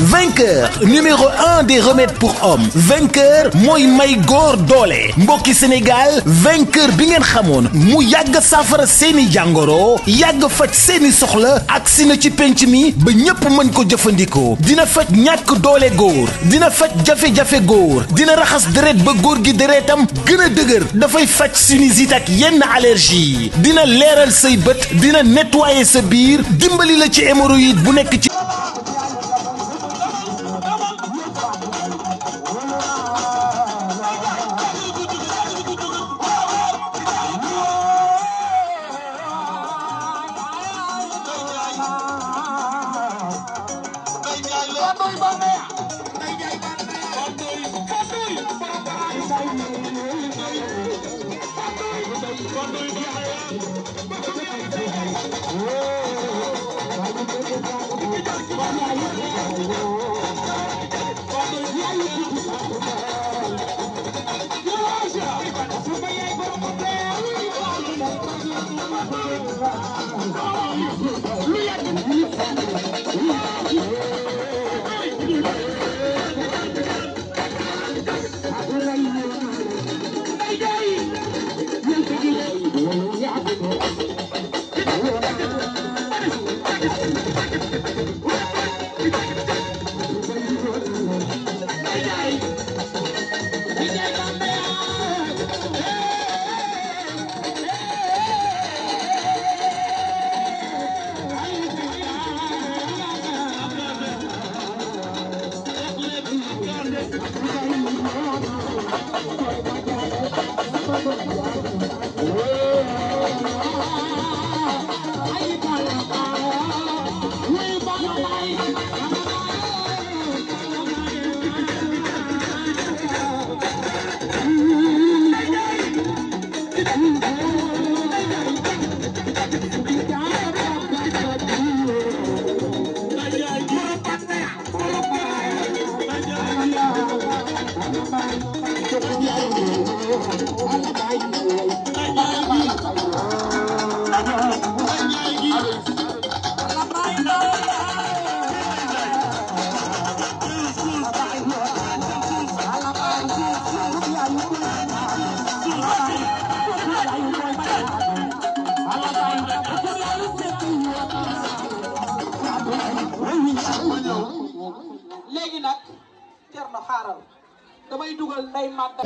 vainqueur numéro un des remèdes pour hommes vainqueur mooy may góor doole mbokki Sénégal vainqueur bi ngeen xamoon mu yàgg saafara seeni jàngoro yàgg faj seeni soxla ak si na ci penc mi ba ñépp mën ko jëfandikoo dina faj ñàkk doole góor dina faj jafe-jafe góor dina raxas deret ba góor gi deretam gën a dëgër dafay faj sinusite ak yenn allergie dina leeral say bët dina nettoyer sa biir dimbali la ci hémorroïde bu nekk ci Thank you. boobu léegi nag Thierno xaaral damay dugal nday màgg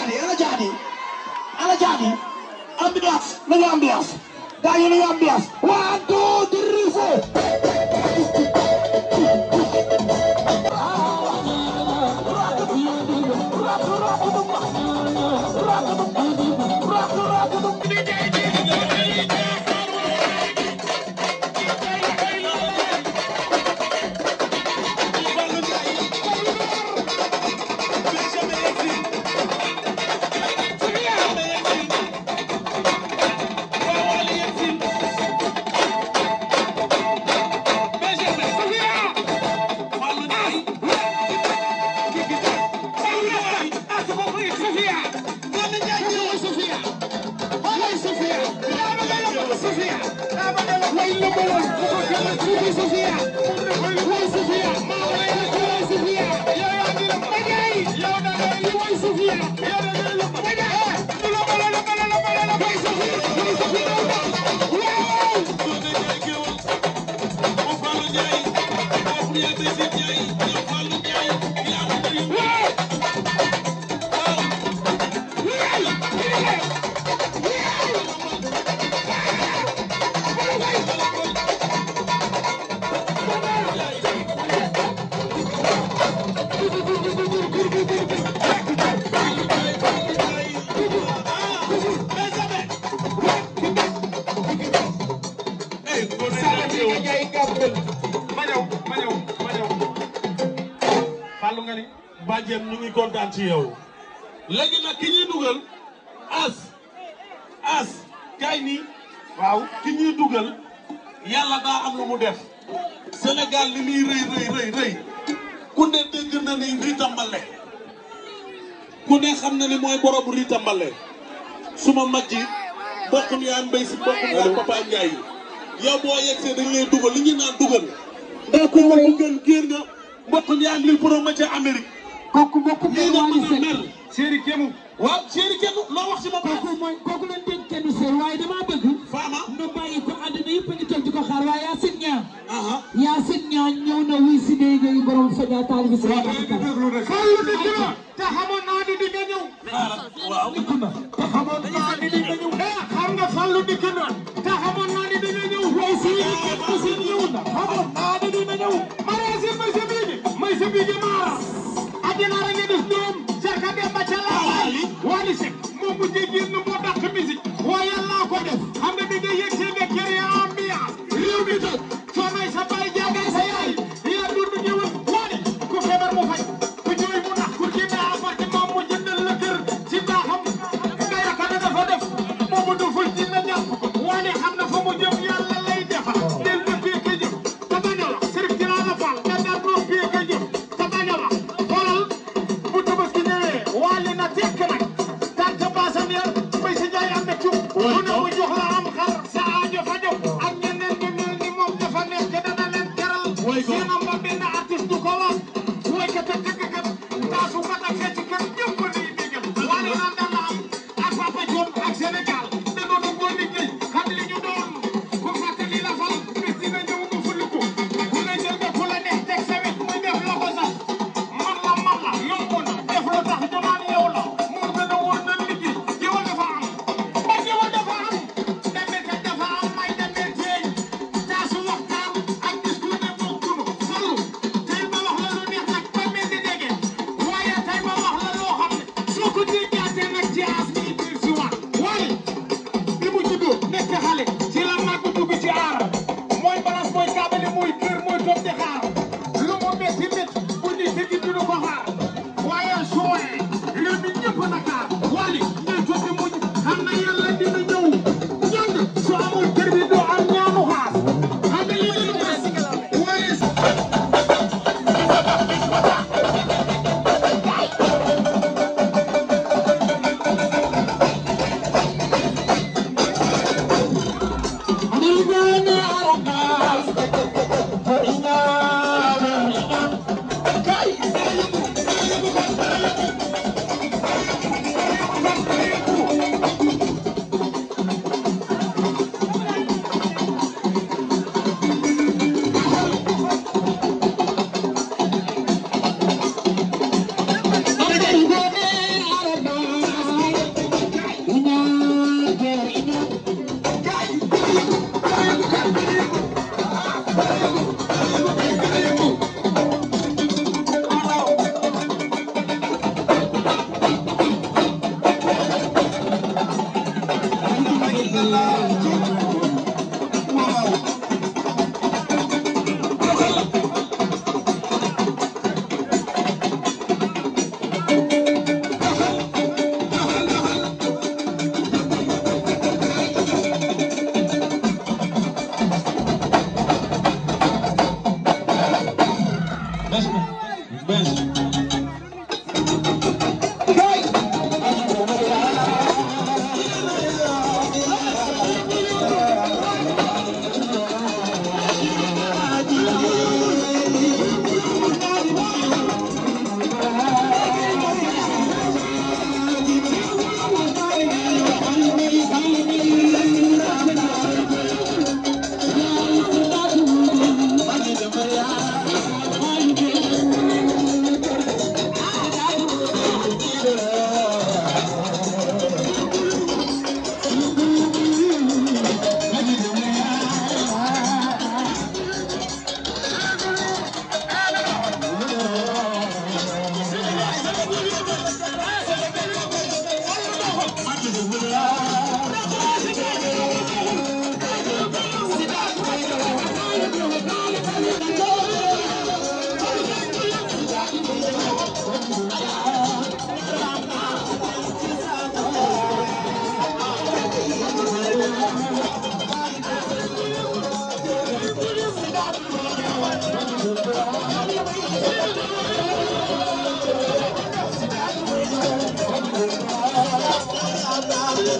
jaani ala jaani ala jaani ambiance nañu ambiance daa yéene ambiance one two la Yeah. ci yow léegi nag ki ñuy dugal as as kay waaw ki ñuy dugal yàlla daa am lu mu def Sénégal li muy rëy rëy rëy rëy ku na ni Rita Mbalé ku xam na ni mooy borom Rita Mbalé suma mag ji mbokkum yaa mbay si mbokkum yaa Papa Njaay yow boo yegsee dañ lay dugal li ñu naan dugal mbokkum ma bu gën géer nga mbokkum yaa ngi borom ma ca Amérique kooku mbokku mooy Wally Seck Chéri Kémou waaw Chéri Kémou loo wax ci moom kooku mooy kooku lañ dégg kenn seer waaye damaa bëgg faama nga bàyyi ko àdduna yëpp ngi toog di ko xaar waaye Yacine Niang Yacine Niang ñëw na wuy si dee ngay borom soja taal bi si waaw te xamoon naa ni di nga ñëw waaw dikk na te xamoon naa ni di nga ñëw eh, xam nga Fallou dikk na te xamoon naa ni di nga ñëw waaye si ñëw na xamoon naa ni di nga ñëw ma dinaara nga def juróom Cheikh Demba Talla Wally Seck moo mujjee génn moo dàq musique waaye yàlla ko def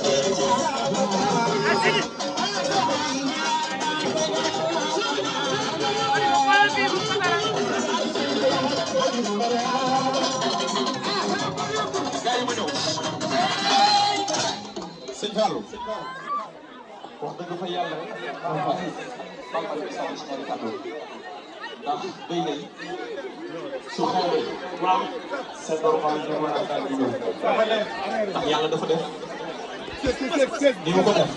sëñ Fallou wax dëgg fa yàlla bambal bi sax ñaari kàddu ndax béy nañ su xewee waaw seen borom xam ne ñu mën a daal di ñëw ndax yàlla dafa def ni mu ko def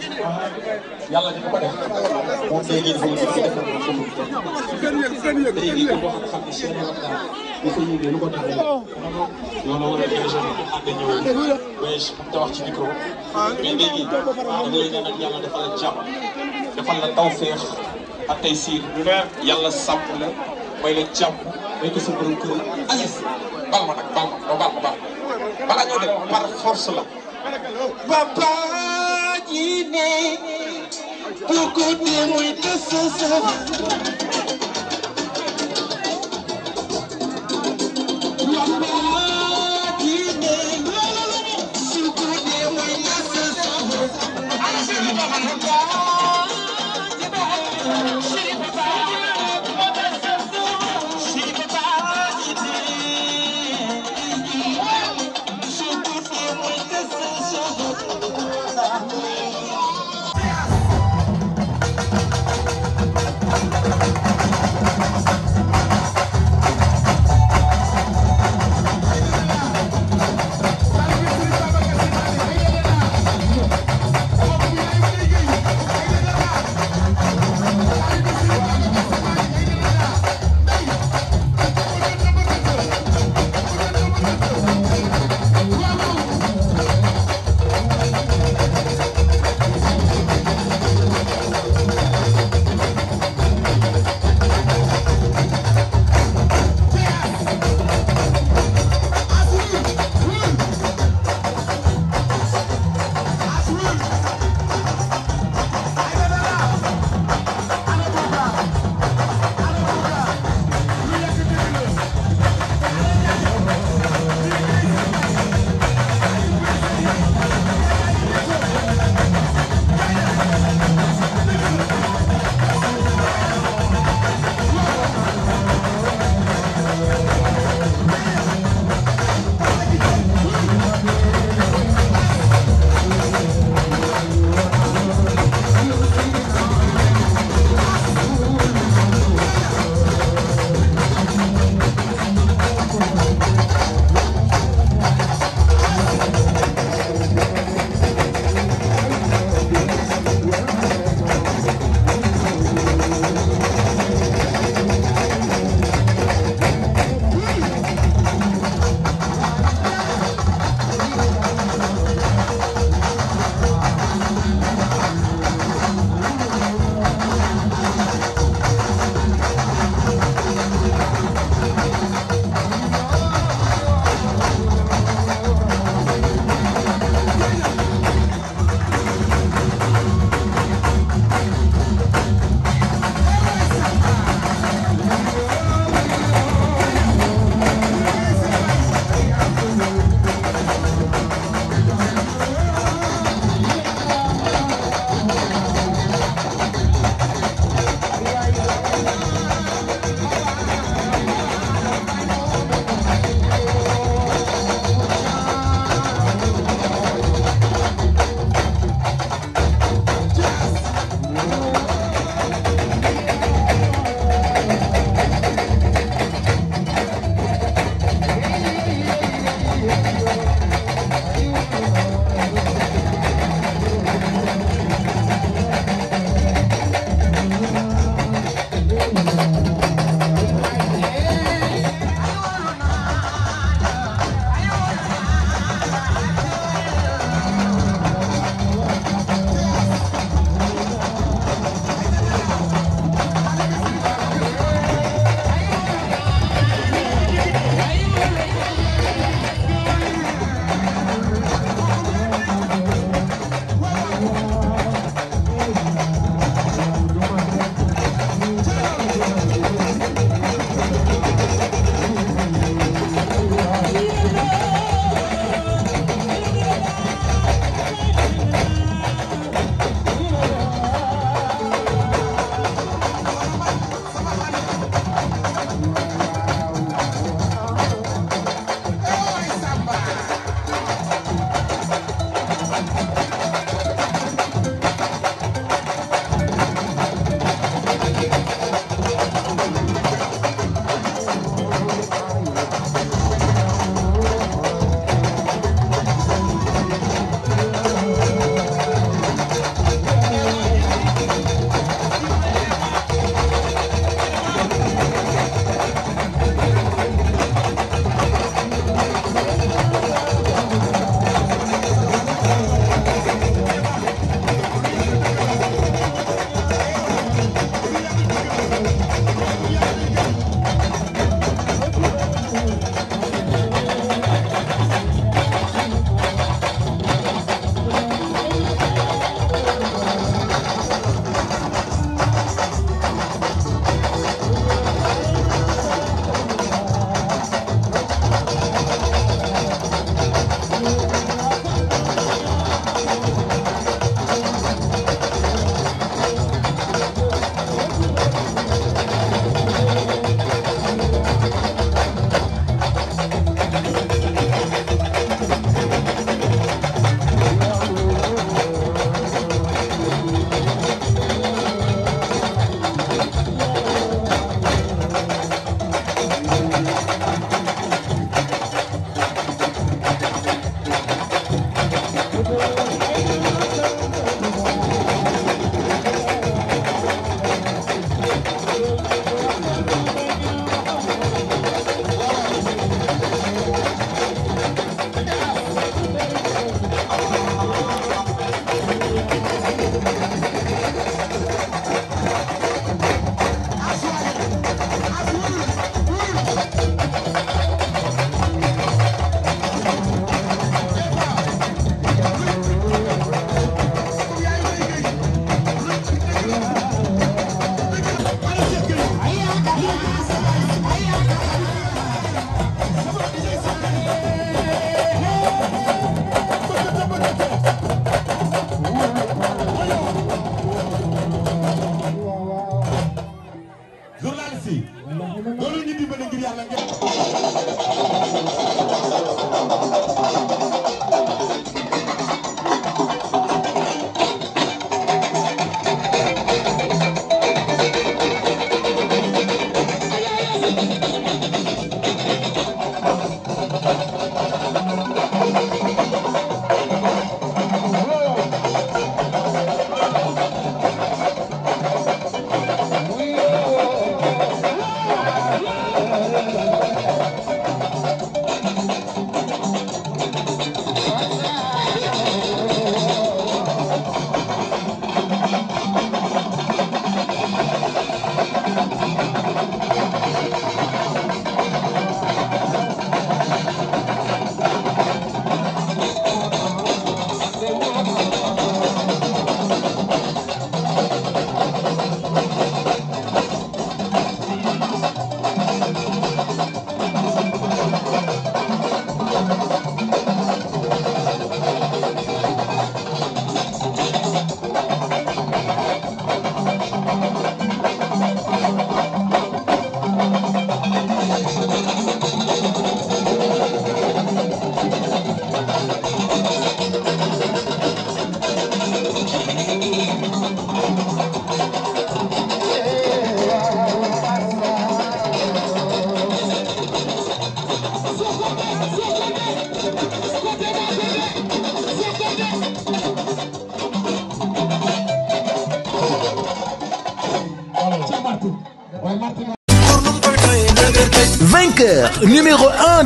yàlla ni mu ko def moom day gis moom dafa def moom suñu bopp day gis boo xam-xam ne seen yoon daal bu ko yëgee lu ko tax a loolu war a diriger bu ànd ñëw mais te wax ci micro mais léegi da ngay ñaanal yàlla defal la jàmm defal la tawféex ak tey siir yàlla sàmm la may la jàmm may ko sa borom kër Aziz baal ma nag baal ma baal ma baal ma balaa ñoo def par force la. bàbá ji ne ku ko dee muy tasa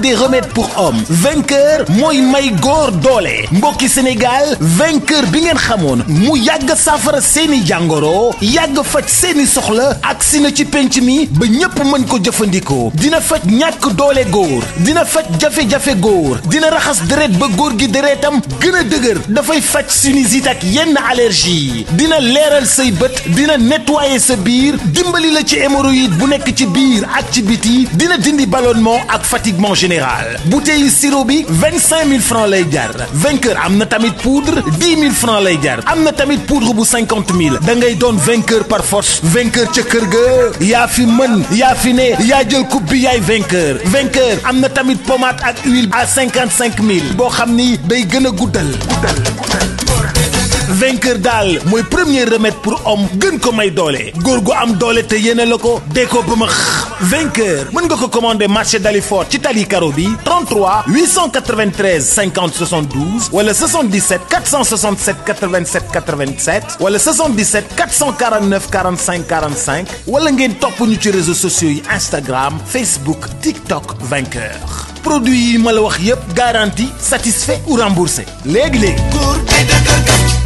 des remèdes pour hommes vainqueur mooy may góor doole mbokki Sénégal vainqueur bi ngeen xamoon mu yàgg saafara seeni jàngoro yàgg faj seeni soxla ak si na ci penc mi ba ñépp mën ko jëfandikoo dina faj ñàkk doole góor dina faj jafe-jafe góor dina raxas deret ba góor gi deretam gën a dëgër dafay faj sinusite ak yenn allergie dina leeral say bët dina nettoyer sa biir dimbali la ci hémorroïde bu nekk ci biir ak ci biti dina dindi ballonnement ak fatiguement général général bouteille sirop bi vingt cinq mille francs lay jar vainqueur am na tamit poudre dix mille francs lay jar am na tamit poudre bu cinquante mille da ngay doon vainqueur par force vainqueur ca kër ga yaa fi mën yaa fi ne yaa jël coupe bi yaay vainqueur vainqueur am na tamit pommade ak huile à cinquante cinq mille boo xam ni day gën a guddal vainqueur daal mooy premier remède pour homme gën ko may doole góor gu am doole te yéene la ko de ko ba ma vainqueur mën nga ko commander marché Dalifort ci tali karo bi 33 893 50 72 wala 77 467 87 87 wala 77 449 45 45 wala ngeen topp ñu ci réseaux sociaux yi Instagram Facebook TikTok vainqueur produit yi ma la wax yépp garantie satisfait ou remboursé léegi léegi.